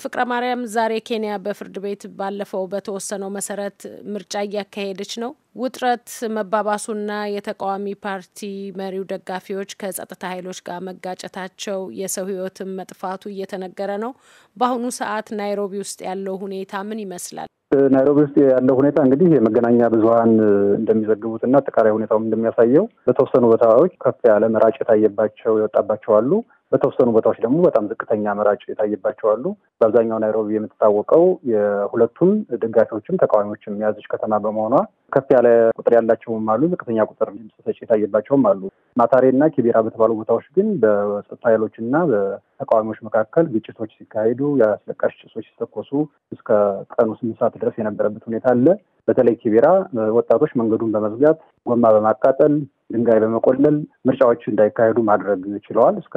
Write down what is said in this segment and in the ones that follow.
ፍቅረ ማርያም ዛሬ ኬንያ በፍርድ ቤት ባለፈው በተወሰነው መሰረት ምርጫ እያካሄደች ነው። ውጥረት መባባሱና የተቃዋሚ ፓርቲ መሪው ደጋፊዎች ከጸጥታ ኃይሎች ጋር መጋጨታቸው፣ የሰው ህይወትን መጥፋቱ እየተነገረ ነው። በአሁኑ ሰዓት ናይሮቢ ውስጥ ያለው ሁኔታ ምን ይመስላል? ናይሮቢ ውስጥ ያለው ሁኔታ እንግዲህ የመገናኛ ብዙኃን እንደሚዘግቡትና አጠቃላይ ሁኔታውም እንደሚያሳየው በተወሰኑ ቦታዎች ከፍ ያለ መራጭ የታየባቸው የወጣባቸው አሉ። በተወሰኑ ቦታዎች ደግሞ በጣም ዝቅተኛ መራጭ የታየባቸው አሉ። በአብዛኛው ናይሮቢ የምትታወቀው የሁለቱም ደጋፊዎችም ተቃዋሚዎችም የያዘች ከተማ በመሆኗ ከፍ ያለ ቁጥር ያላቸውም አሉ፣ ዝቅተኛ ቁጥር ድምፅ ሰጪ የታየባቸውም አሉ። ማታሬ እና ኪቢራ በተባሉ ቦታዎች ግን በጸጥታ ኃይሎች እና ተቃዋሚዎች መካከል ግጭቶች ሲካሄዱ የአስለቃሽ ጭሶች ሲተኮሱ እስከ ቀኑ ስምንት ሰዓት ድረስ የነበረበት ሁኔታ አለ። በተለይ ኪቤራ ወጣቶች መንገዱን በመዝጋት ጎማ በማቃጠል ድንጋይ በመቆለል ምርጫዎች እንዳይካሄዱ ማድረግ ችለዋል። እስከ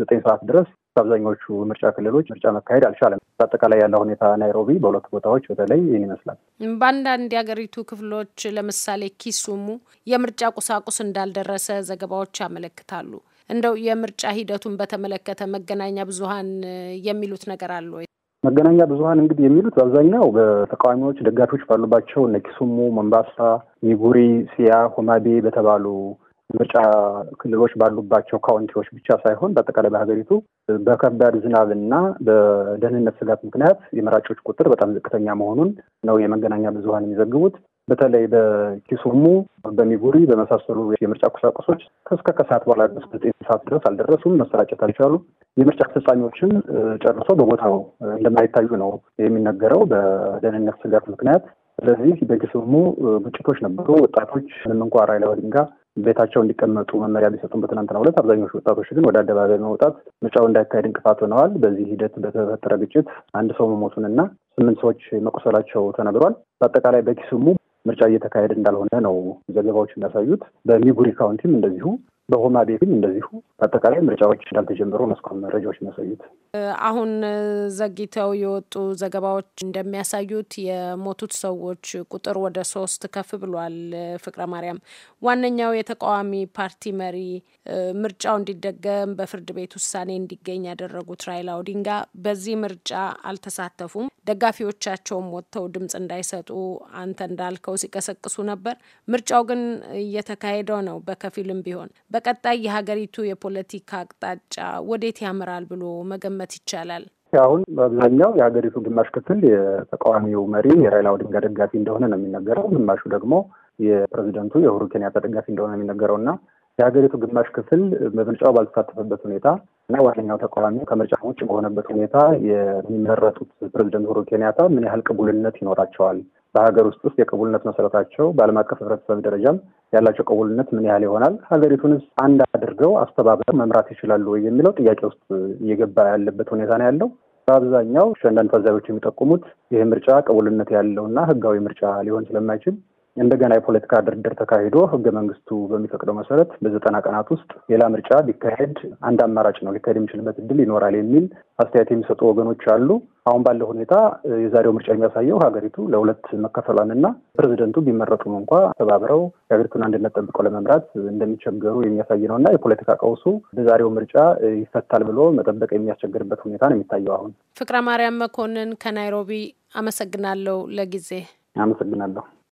ዘጠኝ ሰዓት ድረስ አብዛኞቹ ምርጫ ክልሎች ምርጫ መካሄድ አልቻለም። በአጠቃላይ ያለው ሁኔታ ናይሮቢ በሁለት ቦታዎች በተለይ ይህን ይመስላል። በአንዳንድ የሀገሪቱ ክፍሎች ለምሳሌ ኪሱሙ የምርጫ ቁሳቁስ እንዳልደረሰ ዘገባዎች ያመለክታሉ። እንደው የምርጫ ሂደቱን በተመለከተ መገናኛ ብዙሀን የሚሉት ነገር አለ ወይ? መገናኛ ብዙሀን እንግዲህ የሚሉት በአብዛኛው በተቃዋሚዎች ደጋፊዎች ባሉባቸው እነ ኪሱሙ፣ ሞምባሳ፣ ሚጉሪ፣ ሲያ፣ ሆማቤ በተባሉ ምርጫ ክልሎች ባሉባቸው ካውንቲዎች ብቻ ሳይሆን በአጠቃላይ በሀገሪቱ በከባድ ዝናብና በደህንነት ስጋት ምክንያት የመራጮች ቁጥር በጣም ዝቅተኛ መሆኑን ነው የመገናኛ ብዙሀን የሚዘግቡት። በተለይ በኪሱሙ በሚጉሪ በመሳሰሉ የምርጫ ቁሳቁሶች እስከ ከሰዓት በኋላ ድረስ ዘጠኝ ሰዓት ድረስ አልደረሱም፣ መሰራጨት አልቻሉ። የምርጫ አስፈጻሚዎችን ጨርሶ በቦታው እንደማይታዩ ነው የሚነገረው በደህንነት ስጋት ምክንያት። ስለዚህ በኪሱሙ ግጭቶች ነበሩ። ወጣቶች ምንም እንኳ ራይላ ኦዲንጋ ቤታቸው እንዲቀመጡ መመሪያ ቢሰጡም በትናንትናው ዕለት አብዛኞቹ ወጣቶች ግን ወደ አደባባይ መውጣት ምርጫው እንዳይካሄድ እንቅፋት ሆነዋል። በዚህ ሂደት በተፈጠረ ግጭት አንድ ሰው መሞቱንና ስምንት ሰዎች መቁሰላቸው ተነግሯል። በአጠቃላይ በኪሱሙ ምርጫ እየተካሄደ እንዳልሆነ ነው ዘገባዎች የሚያሳዩት። በሚጉሪ ካውንቲም እንደዚሁ፣ በሆማ ቤትም እንደዚሁ በአጠቃላይ ምርጫዎች እንዳልተጀመሩ መስኮን መረጃዎች የሚያሳዩት። አሁን ዘግይተው የወጡ ዘገባዎች እንደሚያሳዩት የሞቱት ሰዎች ቁጥር ወደ ሶስት ከፍ ብሏል። ፍቅረ ማርያም፣ ዋነኛው የተቃዋሚ ፓርቲ መሪ ምርጫው እንዲደገም በፍርድ ቤት ውሳኔ እንዲገኝ ያደረጉት ራይላ ኦዲንጋ በዚህ ምርጫ አልተሳተፉም። ደጋፊዎቻቸውም ወጥተው ድምጽ እንዳይሰጡ አንተ እንዳልከው ሲቀሰቅሱ ነበር። ምርጫው ግን እየተካሄደው ነው፣ በከፊልም ቢሆን። በቀጣይ የሀገሪቱ የፖ የፖለቲካ አቅጣጫ ወዴት ያምራል ብሎ መገመት ይቻላል? አሁን በአብዛኛው የሀገሪቱ ግማሽ ክፍል የተቃዋሚው መሪ የራይላ ኦዲንጋ ደጋፊ እንደሆነ ነው የሚነገረው፣ ግማሹ ደግሞ የፕሬዚደንቱ የኡሁሩ ኬንያታ ደጋፊ እንደሆነ ነው የሚነገረው እና የሀገሪቱ ግማሽ ክፍል በምርጫው ባልተሳተፈበት ሁኔታ እና ዋነኛው ተቃዋሚ ከምርጫ ውጭ በሆነበት ሁኔታ የሚመረጡት ፕሬዚደንት ኡሁሩ ኬንያታ ምን ያህል ቅቡልነት ይኖራቸዋል በሀገር ውስጥ ውስጥ የቅቡልነት መሰረታቸው በዓለም አቀፍ ህብረተሰብ ደረጃም ያላቸው ቅቡልነት ምን ያህል ይሆናል? ሀገሪቱንስ አንድ አድርገው አስተባብረው መምራት ይችላሉ ወይ የሚለው ጥያቄ ውስጥ እየገባ ያለበት ሁኔታ ነው ያለው። በአብዛኛው አንዳንድ ታዛቢዎች የሚጠቁሙት ይህ ምርጫ ቅቡልነት ያለውና ህጋዊ ምርጫ ሊሆን ስለማይችል እንደገና የፖለቲካ ድርድር ተካሂዶ ህገ መንግስቱ በሚፈቅደው መሰረት በዘጠና ቀናት ውስጥ ሌላ ምርጫ ቢካሄድ አንድ አማራጭ ነው፣ ሊካሄድ የሚችልበት እድል ይኖራል የሚል አስተያየት የሚሰጡ ወገኖች አሉ። አሁን ባለው ሁኔታ የዛሬው ምርጫ የሚያሳየው ሀገሪቱ ለሁለት መከፈሏንና ፕሬዚደንቱ ቢመረጡም እንኳ ተባብረው የሀገሪቱን አንድነት ጠብቀው ለመምራት እንደሚቸገሩ የሚያሳይ ነው እና የፖለቲካ ቀውሱ በዛሬው ምርጫ ይፈታል ብሎ መጠበቅ የሚያስቸግርበት ሁኔታ ነው የሚታየው። አሁን ፍቅረ ማርያም መኮንን ከናይሮቢ አመሰግናለሁ። ለጊዜ አመሰግናለሁ።